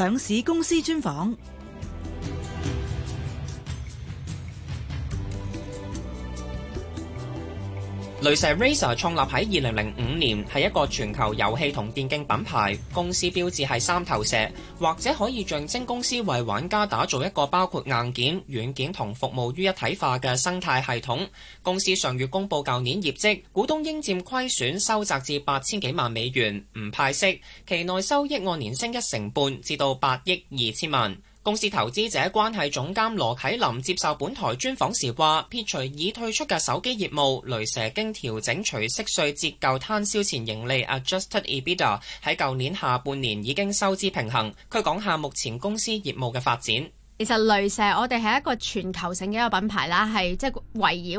上市公司專訪。雷蛇 Razer 創立喺二零零五年，係一個全球遊戲同電競品牌。公司標誌係三頭蛇，或者可以象徵公司為玩家打造一個包括硬件、軟件同服務於一體化嘅生態系統。公司上月公布舊年業績，股東應占虧損收窄至八千幾萬美元，唔派息。期內收益按年升一成半，至到八億二千萬。公司投資者關係總監羅啟琳接受本台專訪時話：撇除已退出嘅手機業務，雷蛇經調整除息稅折舊攤銷前盈利 （Adjusted EBITDA） 喺舊年下半年已經收支平衡。佢講下目前公司業務嘅發展。其實雷蛇我哋係一個全球性嘅一個品牌啦，係即係圍繞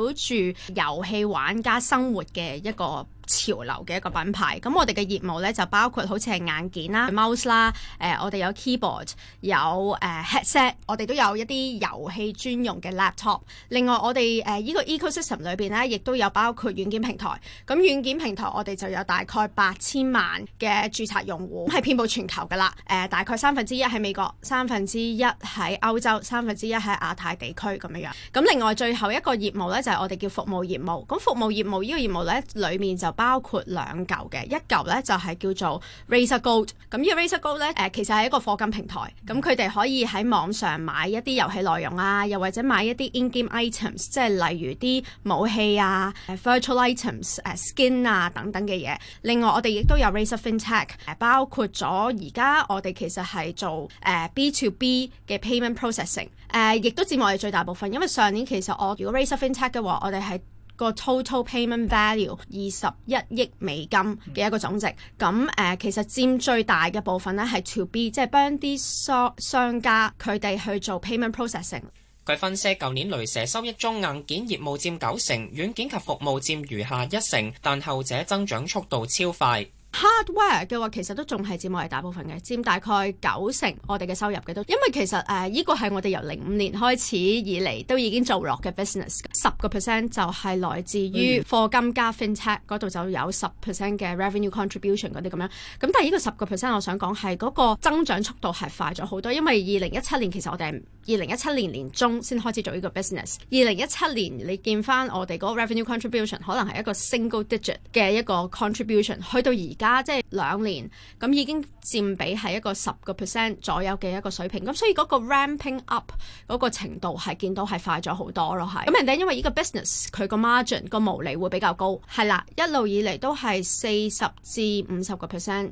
住遊戲玩家生活嘅一個潮流嘅一個品牌，咁我哋嘅業務咧就包括好似係硬件啦、mouse 啦，誒、呃、我哋有 keyboard，有誒、呃、headset，我哋都有一啲遊戲專用嘅 laptop。另外我哋誒、呃、這個、呢個 ecosystem 裏邊咧，亦都有包括軟件平台。咁軟件平台我哋就有大概八千萬嘅註冊用戶，係遍布全球噶啦。誒、呃、大概三分之一喺美國，三分之一喺歐洲，三分之一喺亞太地區咁樣樣。咁另外最後一個業務咧就係、是、我哋叫服務業務。咁服務業務呢個業務咧裏面就包括兩嚿嘅，一嚿咧就係叫做 Razer Gold、er Gold。咁呢個 Razer Gold 咧，誒其實係一個課金平台，咁佢哋可以喺網上買一啲遊戲內容啊，又或者買一啲 in-game items，即係例如啲武器啊、virtual items、啊、誒 skin 啊等等嘅嘢。另外，我哋亦都有 Razer FinTech，誒、呃、包括咗而家我哋其實係做誒、呃、B to B 嘅 payment processing，誒、呃、亦都佔我哋最大部分。因為上年其實我如果 Razer FinTech 嘅話，我哋係個 total payment value 二十一億美金嘅一個總值，咁誒、呃、其實佔最大嘅部分咧係 to B，即係幫啲商商家佢哋去做 payment processing。佢分析舊年雷蛇收益中硬件業務佔九成，軟件及服務佔餘下一成，但後者增長速度超快。hardware 嘅話其實都仲係佔我哋大部分嘅，佔大概九成我哋嘅收入嘅都，因為其實誒依、呃呢個係我哋由零五年開始以嚟都已經做落嘅 business，十個 percent 就係、是、來自於課金加 fintech 嗰度就有十 percent 嘅 revenue contribution 嗰啲咁樣，咁但係呢個十個 percent 我想講係嗰個增長速度係快咗好多，因為二零一七年其實我哋二零一七年年中先開始做呢個 business，二零一七年你見翻我哋嗰 revenue contribution 可能係一個 single digit 嘅一個 contribution，去到而而家即係兩年，咁已經佔比係一個十個 percent 左右嘅一個水平，咁所以嗰個 ramping up 嗰個程度係見到係快咗好多咯，係。咁人哋因為呢個 business 佢個 margin 個毛利會比較高，係啦，一路以嚟都係四十至五十個 percent。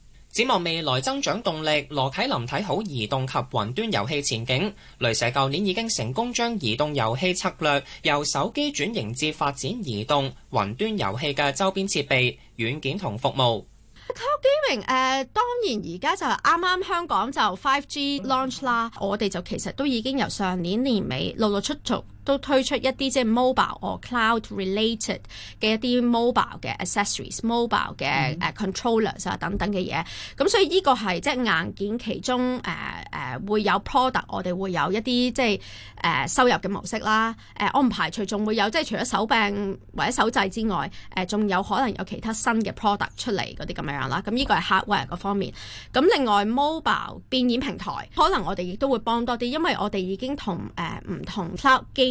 展望未來增長動力，羅啟琳睇好移動及雲端遊戲前景。雷蛇舊年已經成功將移動遊戲策略由手機轉型至發展移動、雲端遊戲嘅周邊設備、軟件同服務。誒，當然而家就啱啱香港就 5G launch 啦，我哋就其實都已經由上年年尾陸陸續續，都推出一啲即係 mobile or cloud related 嘅一啲 mobile 嘅 accessories，mobile 嘅誒 controllers 啊等等嘅嘢。咁、嗯、所以呢個係即係硬件其中誒誒、呃呃、會有 products，我哋會有一啲即係誒、呃、收入嘅模式啦。誒、呃、我唔排除仲會有即係除咗手柄或者手掣之外，誒、呃、仲有可能有其他新嘅 product 出嚟啲咁樣樣啦。咁呢個係 hardware 嗰方面。咁另外 mobile 變現平台，可能我哋亦都會幫多啲，因為我哋已經同誒唔同 cloud 機。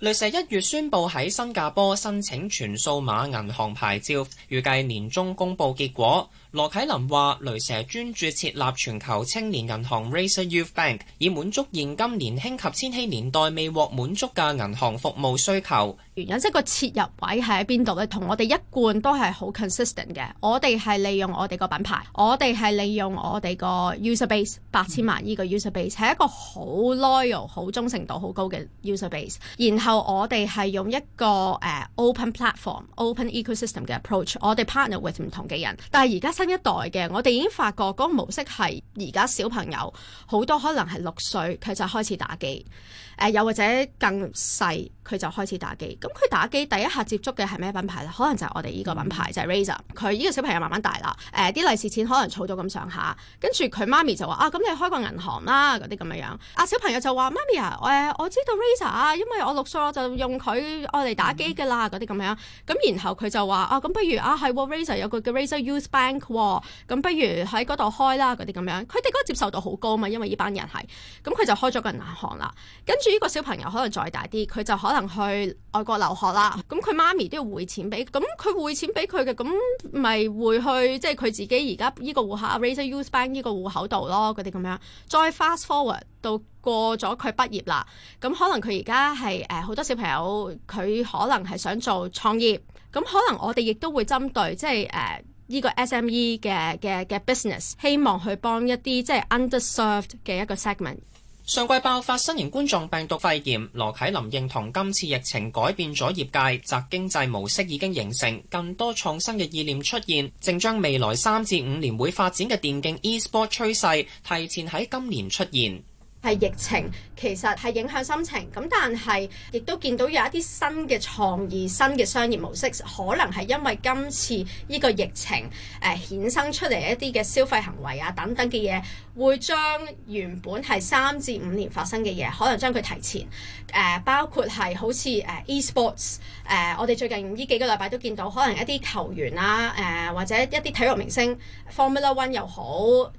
雷蛇一月宣布喺新加坡申請全數碼銀行牌照，預計年終公布結果。羅啟琳話：雷蛇專注設立全球青年銀行 Razer Youth Bank，以滿足現今年輕及千禧年代未獲滿足嘅銀行服務需求。原因即係、就是、個切入位係喺邊度咧？同我哋一貫都係好 consistent 嘅。我哋係利用我哋個品牌，我哋係利用我哋個 user base 八千萬依個 user base 係一個好 loyal、好忠誠度好高嘅 user base。然後我哋係用一個誒、uh, open platform、open ecosystem 嘅 approach。我哋 partner with 唔同嘅人，但係而家新。一代嘅，我哋已經發覺嗰個模式係而家小朋友好多可能係六歲，佢就開始打機，誒、呃，又或者更細。佢就開始打機，咁佢打機第一下接觸嘅係咩品牌咧？可能就係我哋依個品牌就係，Razer。佢依個小朋友慢慢大啦，誒、呃、啲利是錢可能儲咗咁上下，跟住佢媽咪就話啊，咁你開個銀行啦嗰啲咁嘅樣。阿小朋友就話媽咪啊，誒我，我知道 Razer 啊，因為我六歲我就用佢我嚟打機㗎啦嗰啲咁樣。咁然後佢就話啊，咁不如啊係喎 Razer 有個叫 Razer Youth Bank 咁、啊、不如喺嗰度開啦嗰啲咁樣。佢哋嗰個接受度好高嘛，因為依班人係，咁佢就開咗個銀行啦。跟住呢個小朋友可能再大啲，佢就可能。可能去外國留學啦，咁佢媽咪都要匯錢俾，咁佢匯錢俾佢嘅，咁咪匯去即係佢自己而家呢個戶口 Razer Youth Bank 呢個戶口度咯，嗰啲咁樣。再 fast forward 到過咗佢畢業啦，咁可能佢而家係誒好多小朋友，佢可能係想做創業，咁可能我哋亦都會針對即係誒呢個 SME 嘅嘅嘅 business，希望去幫一啲即係 underserved 嘅一個 segment。上季爆發新型冠狀病毒肺炎，羅啟琳認同今次疫情改變咗業界，集經濟模式已經形成，更多創新嘅意念出現，正將未來三至五年會發展嘅電競 e-sport 趨勢提前喺今年出現。係疫情其實係影響心情，咁但係亦都見到有一啲新嘅創意、新嘅商業模式，可能係因為今次呢個疫情誒、呃、衍生出嚟一啲嘅消費行為啊等等嘅嘢，會將原本係三至五年發生嘅嘢，可能將佢提前誒、呃，包括係好似誒 eSports 誒、呃，我哋最近呢幾個禮拜都見到，可能一啲球員啊，誒、呃，或者一啲體育明星 Formula One 又好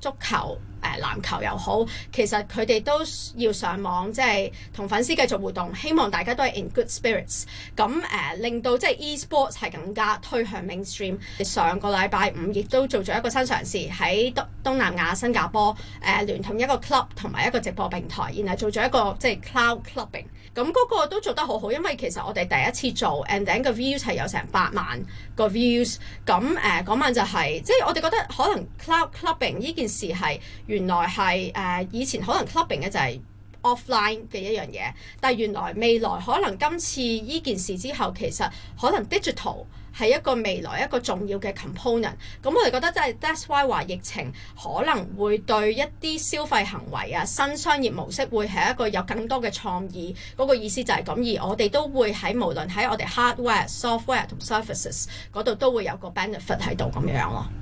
足球。誒、uh, 籃球又好，其實佢哋都要上網，即係同粉絲繼續互動，希望大家都係 in good spirits。咁、uh, 誒令到即係、就是、e-sports 係更加推向 mainstream。上個禮拜五亦都做咗一個新嘗試，喺東東南亞新加坡誒聯、呃、同一個 club 同埋一個直播平台，然後做咗一個即係、就是、cloud clubbing。咁嗰個都做得好好，因為其實我哋第一次做，and then 個 views 係有成百萬個 views。咁誒嗰晚就係、是，即係我哋覺得可能 cloud clubbing 呢件事係原來係誒、uh, 以前可能 clubbing 嘅就係、是。Offline 嘅一樣嘢，但係原來未來可能今次呢件事之後，其實可能 digital 係一個未來一個重要嘅 component、嗯。咁我哋覺得即係 that's why 話疫情可能會對一啲消費行為啊、新商業模式會係一個有更多嘅創意嗰、嗰個意思就係咁。而我哋都會喺無論喺我哋 hardware、software 同 services 嗰度都會有個 benefit 喺度咁樣咯。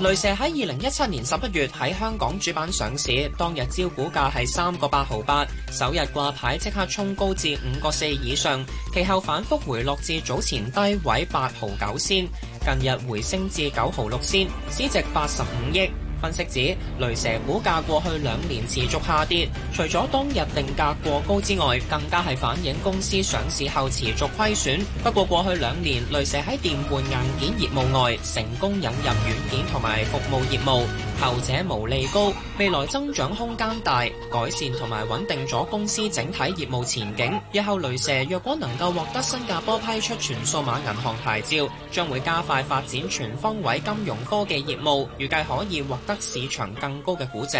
雷蛇喺二零一七年十一月喺香港主板上市，當日招股價係三個八毫八，首日掛牌即刻衝高至五個四以上，其後反覆回落至早前低位八毫九仙，近日回升至九毫六仙，市值八十五億。分析指，雷蛇股價過去兩年持續下跌，除咗當日定價過高之外，更加係反映公司上市後持續虧損。不過過去兩年，雷蛇喺電玩硬件業務外，成功引入軟件同埋服務業務，後者毛利高，未來增長空間大，改善同埋穩定咗公司整體業務前景。日後雷蛇若果能夠獲得新加坡批出全數碼銀行牌照，將會加快發展全方位金融科技業務，預計可以獲得市場更高嘅估值，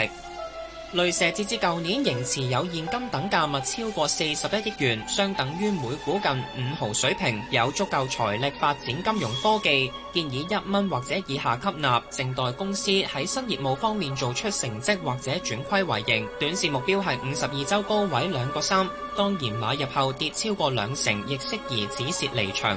雷蛇截至舊年仍持有現金等價物超過四十一億元，相等於每股近五毫水平，有足夠財力發展金融科技。建議一蚊或者以下吸納，靜待公司喺新業務方面做出成績或者轉虧為盈。短線目標係五十二週高位兩個三，當然買入後跌超過兩成，亦適宜止蝕離場。